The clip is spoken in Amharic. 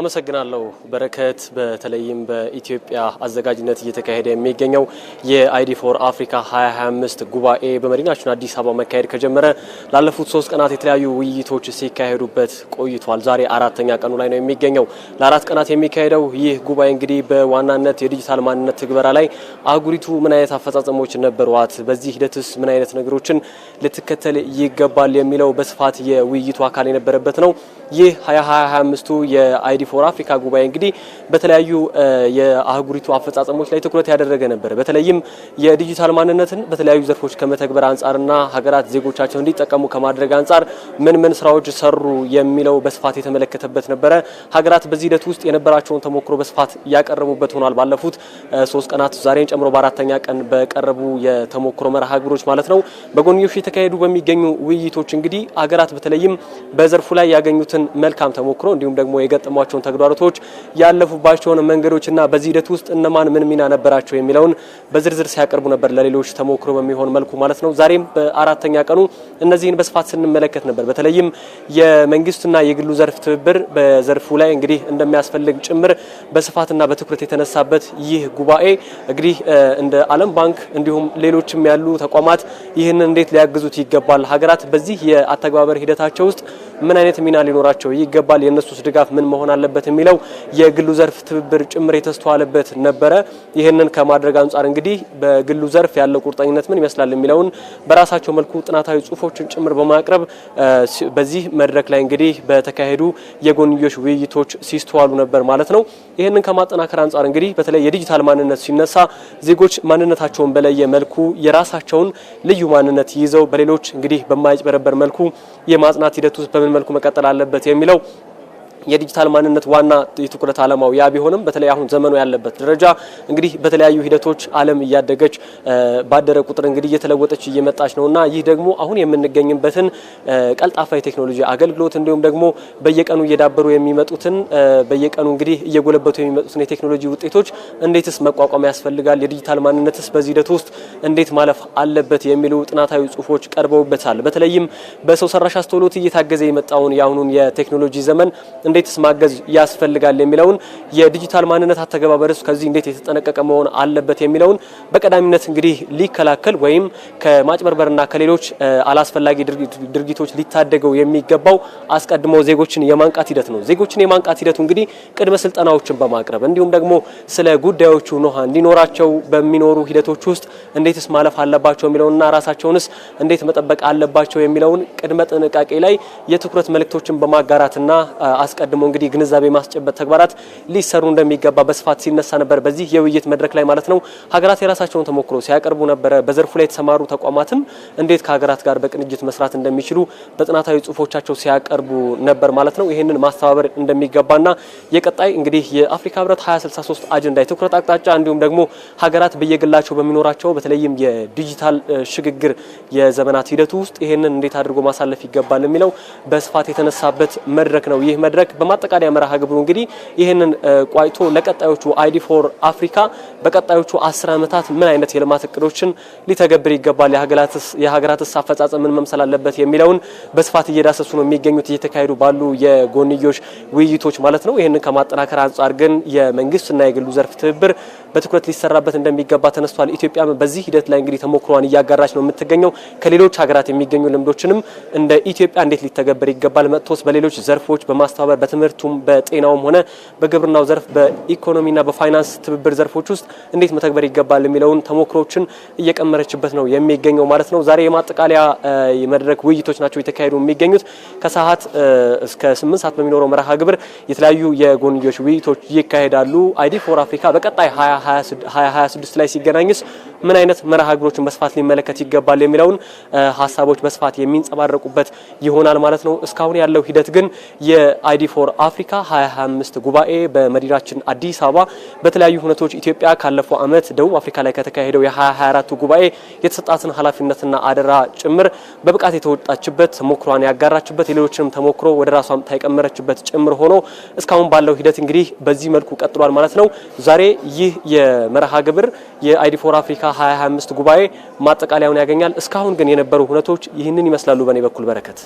አመሰግናለሁ በረከት። በተለይም በኢትዮጵያ አዘጋጅነት እየተካሄደ የሚገኘው የአይዲ ፎር አፍሪካ 2025 ጉባኤ በመዲናችን አዲስ አበባ መካሄድ ከጀመረ ላለፉት ሶስት ቀናት የተለያዩ ውይይቶች ሲካሄዱበት ቆይቷል። ዛሬ አራተኛ ቀኑ ላይ ነው የሚገኘው። ለአራት ቀናት የሚካሄደው ይህ ጉባኤ እንግዲህ በዋናነት የዲጂታል ማንነት ትግበራ ላይ አህጉሪቱ ምን አይነት አፈጻጸሞች ነበሯት፣ በዚህ ሂደትስ ምን አይነት ነገሮችን ልትከተል ይገባል የሚለው በስፋት የውይይቱ አካል የነበረበት ነው። ይህ 2025ቱ አይዲ ፎር አፍሪካ ጉባኤ እንግዲህ በተለያዩ የአህጉሪቱ አፈጻጸሞች ላይ ትኩረት ያደረገ ነበረ። በተለይም የዲጂታል ማንነትን በተለያዩ ዘርፎች ከመተግበር አንጻርና ሀገራት ዜጎቻቸው እንዲጠቀሙ ከማድረግ አንጻር ምን ምን ስራዎች ሰሩ የሚለው በስፋት የተመለከተበት ነበረ። ሀገራት በዚህ ሂደት ውስጥ የነበራቸውን ተሞክሮ በስፋት ያቀረቡበት ሆኗል። ባለፉት ሶስት ቀናት ዛሬን ጨምሮ በአራተኛ ቀን በቀረቡ የተሞክሮ መርሃ ግብሮች ማለት ነው በጎንዮሽ የተካሄዱ በሚገኙ ውይይቶች እንግዲህ ሀገራት በተለይም በዘርፉ ላይ ያገኙትን መልካም ተሞክሮ እንዲሁም ደግሞ የገጠ ያጋጠሟቸውን ተግዳሮቶች ያለፉባቸውን መንገዶችና በዚህ ሂደት ውስጥ እነማን ምን ሚና ነበራቸው የሚለውን በዝርዝር ሲያቀርቡ ነበር፣ ለሌሎች ተሞክሮ በሚሆን መልኩ ማለት ነው። ዛሬም በአራተኛ ቀኑ እነዚህን በስፋት ስንመለከት ነበር። በተለይም የመንግስቱና የግሉ ዘርፍ ትብብር በዘርፉ ላይ እንግዲህ እንደሚያስፈልግ ጭምር በስፋትና በትኩረት የተነሳበት ይህ ጉባኤ እንግዲህ እንደ ዓለም ባንክ እንዲሁም ሌሎችም ያሉ ተቋማት ይህንን እንዴት ሊያግዙት ይገባል፣ ሀገራት በዚህ የአተገባበር ሂደታቸው ውስጥ ምን አይነት ሚና ሊኖራቸው ይገባል፣ የእነሱስ ድጋፍ ምን መሆን አለበት የሚለው የግሉ ዘርፍ ትብብር ጭምር የተስተዋለበት ነበረ። ይህንን ከማድረግ አንጻር እንግዲህ በግሉ ዘርፍ ያለው ቁርጠኝነት ምን ይመስላል የሚለውን በራሳቸው መልኩ ጥናታዊ ጽሁፎችን ጭምር በማቅረብ በዚህ መድረክ ላይ እንግዲህ በተካሄዱ የጎንዮሽ ውይይቶች ሲስተዋሉ ነበር ማለት ነው። ይህንን ከማጠናከር አንጻር እንግዲህ በተለይ የዲጂታል ማንነት ሲነሳ ዜጎች ማንነታቸውን በለየ መልኩ የራሳቸውን ልዩ ማንነት ይዘው በሌሎች እንግዲህ በማይጭበረበር መልኩ የማጽናት ሂደት ውስጥ በምን መልኩ መቀጠል አለበት የሚለው የዲጂታል ማንነት ዋና የትኩረት ዓላማው ያ ቢሆንም በተለይ አሁን ዘመኑ ያለበት ደረጃ እንግዲህ በተለያዩ ሂደቶች ዓለም እያደገች ባደረ ቁጥር እንግዲህ እየተለወጠች እየመጣች እና ይህ ደግሞ አሁን የምንገኝበትን ቀልጣፋ የቴክኖሎጂ አገልግሎት እንዲሁም ደግሞ በየቀኑ እየዳበሩ የሚመጡትን በየቀኑ እንግዲህ እየጎለበቱ የሚመጡትን የቴክኖሎጂ ውጤቶች እንዴትስ መቋቋም ያስፈልጋል፣ የዲጂታል ማንነትስ በዚህ ሂደት ውስጥ እንዴት ማለፍ አለበት የሚሉ ጥናታዊ ጽሁፎች ቀርበውበታል። በተለይም በሰው ሰራሽ አስተውሎት እየታገዘ የመጣውን የአሁኑን የቴክኖሎጂ ዘመን እንዴትስ ማገዝ ያስፈልጋል የሚለውን የዲጂታል ማንነት አተገባበርስ ከዚህ እንዴት የተጠነቀቀ መሆን አለበት የሚለውን በቀዳሚነት እንግዲህ ሊከላከል ወይም ከማጭበርበርና ከሌሎች አላስፈላጊ ድርጊቶች ሊታደገው የሚገባው አስቀድሞ ዜጎችን የማንቃት ሂደት ነው። ዜጎችን የማንቃት ሂደቱ እንግዲህ ቅድመ ስልጠናዎችን በማቅረብ እንዲሁም ደግሞ ስለ ጉዳዮቹ ንውሃ እንዲኖራቸው በሚኖሩ ሂደቶች ውስጥ እንዴትስ ማለፍ አለባቸው የሚለውንና ራሳቸውንስ እንዴት መጠበቅ አለባቸው የሚለውን ቅድመ ጥንቃቄ ላይ የትኩረት መልእክቶችን በማጋራትና አስቀ አስቀድሞ እንግዲህ ግንዛቤ ማስጨበጥ ተግባራት ሊሰሩ እንደሚገባ በስፋት ሲነሳ ነበር። በዚህ የውይይት መድረክ ላይ ማለት ነው ሀገራት የራሳቸውን ተሞክሮ ሲያቀርቡ ነበረ። በዘርፉ ላይ የተሰማሩ ተቋማትም እንዴት ከሀገራት ጋር በቅንጅት መስራት እንደሚችሉ በጥናታዊ ጽሁፎቻቸው ሲያቀርቡ ነበር ማለት ነው። ይህንን ማስተባበር እንደሚገባና የቀጣይ እንግዲህ የአፍሪካ ህብረት 2063 አጀንዳ የትኩረት አቅጣጫ እንዲሁም ደግሞ ሀገራት በየግላቸው በሚኖራቸው በተለይም የዲጂታል ሽግግር የዘመናት ሂደቱ ውስጥ ይህንን እንዴት አድርጎ ማሳለፍ ይገባል የሚለው በስፋት የተነሳበት መድረክ ነው ይህ መድረክ መድረክ በማጠቃለያ መርሃ ግብሩ እንግዲህ ይህንን ቋይቶ ለቀጣዮቹ አይዲ ፎር አፍሪካ በቀጣዮቹ አስር ዓመታት ምን አይነት የልማት እቅዶችን ሊተገብር ይገባል፣ የሀገራትስ አፈጻጸም ምን መምሰል አለበት የሚለውን በስፋት እየዳሰሱ ነው የሚገኙት እየተካሄዱ ባሉ የጎንዮሽ ውይይቶች ማለት ነው። ይህንን ከማጠናከር አንጻር ግን የመንግስትና የግሉ ዘርፍ ትብብር በትኩረት ሊሰራበት እንደሚገባ ተነስቷል። ኢትዮጵያ በዚህ ሂደት ላይ እንግዲህ ተሞክሯን እያጋራች ነው የምትገኘው። ከሌሎች ሀገራት የሚገኙ ልምዶችንም እንደ ኢትዮጵያ እንዴት ሊተገበር ይገባል መጥቶስ በሌሎች ዘርፎች በማስተባበር በትምህርቱም በጤናውም ሆነ በግብርናው ዘርፍ በኢኮኖሚና በፋይናንስ ትብብር ዘርፎች ውስጥ እንዴት መተግበር ይገባል የሚለውን ተሞክሮችን እየቀመረችበት ነው የሚገኘው ማለት ነው። ዛሬ የማጠቃለያ መድረክ ውይይቶች ናቸው የተካሄዱ የሚገኙት ከሰዓት እስከ ስምንት ሰዓት በሚኖረው መርሃ ግብር የተለያዩ የጎንዮሽ ውይይቶች ይካሄዳሉ። አይዲ ፎር አፍሪካ በቀጣይ 2026 ላይ ሲገናኝስ ምን አይነት መርሃ ግብሮችን በስፋት ሊመለከት ይገባል የሚለውን ሀሳቦች በስፋት የሚንጸባረቁበት ይሆናል ማለት ነው። እስካሁን ያለው ሂደት ግን የአይዲ ፎር አፍሪካ 2025 ጉባኤ በመዲናችን አዲስ አበባ በተለያዩ ሁነቶች ኢትዮጵያ ካለፈው ዓመት ደቡብ አፍሪካ ላይ ከተካሄደው የ2024 ጉባኤ የተሰጣትን ኃላፊነትና አደራ ጭምር በብቃት የተወጣችበት ተሞክሯን ያጋራችበት የሌሎችንም ተሞክሮ ወደ ራሷም ታይቀመረችበት ጭምር ሆኖ እስካሁን ባለው ሂደት እንግዲህ በዚህ መልኩ ቀጥሏል ማለት ነው። ዛሬ ይህ የመርሃ ግብር የአይዲ ፎር አፍሪካ 2025 ጉባኤ ማጠቃለያውን ያገኛል። እስካሁን ግን የነበሩ ሁነቶች ይህንን ይመስላሉ። በእኔ በኩል በረከት